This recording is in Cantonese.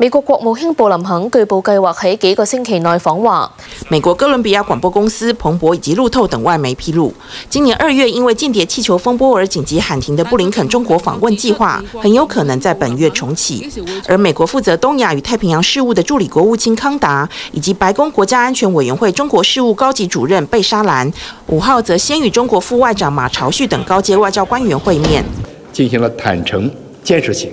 美國國務卿布林肯據報計劃喺幾個星期內訪華。美國哥倫比亞廣播公司、彭博以及路透等外媒披露，今年二月因為間諜氣球風波而緊急喊停的布林肯中國訪問計劃，很有可能在本月重啟。而美國負責東亞與太平洋事務的助理國務卿康達，以及白宮國家安全委員會中國事務高級主任貝沙蘭，五號則先與中國副外長馬朝旭等高階外交官員會面，進行了坦誠建設性。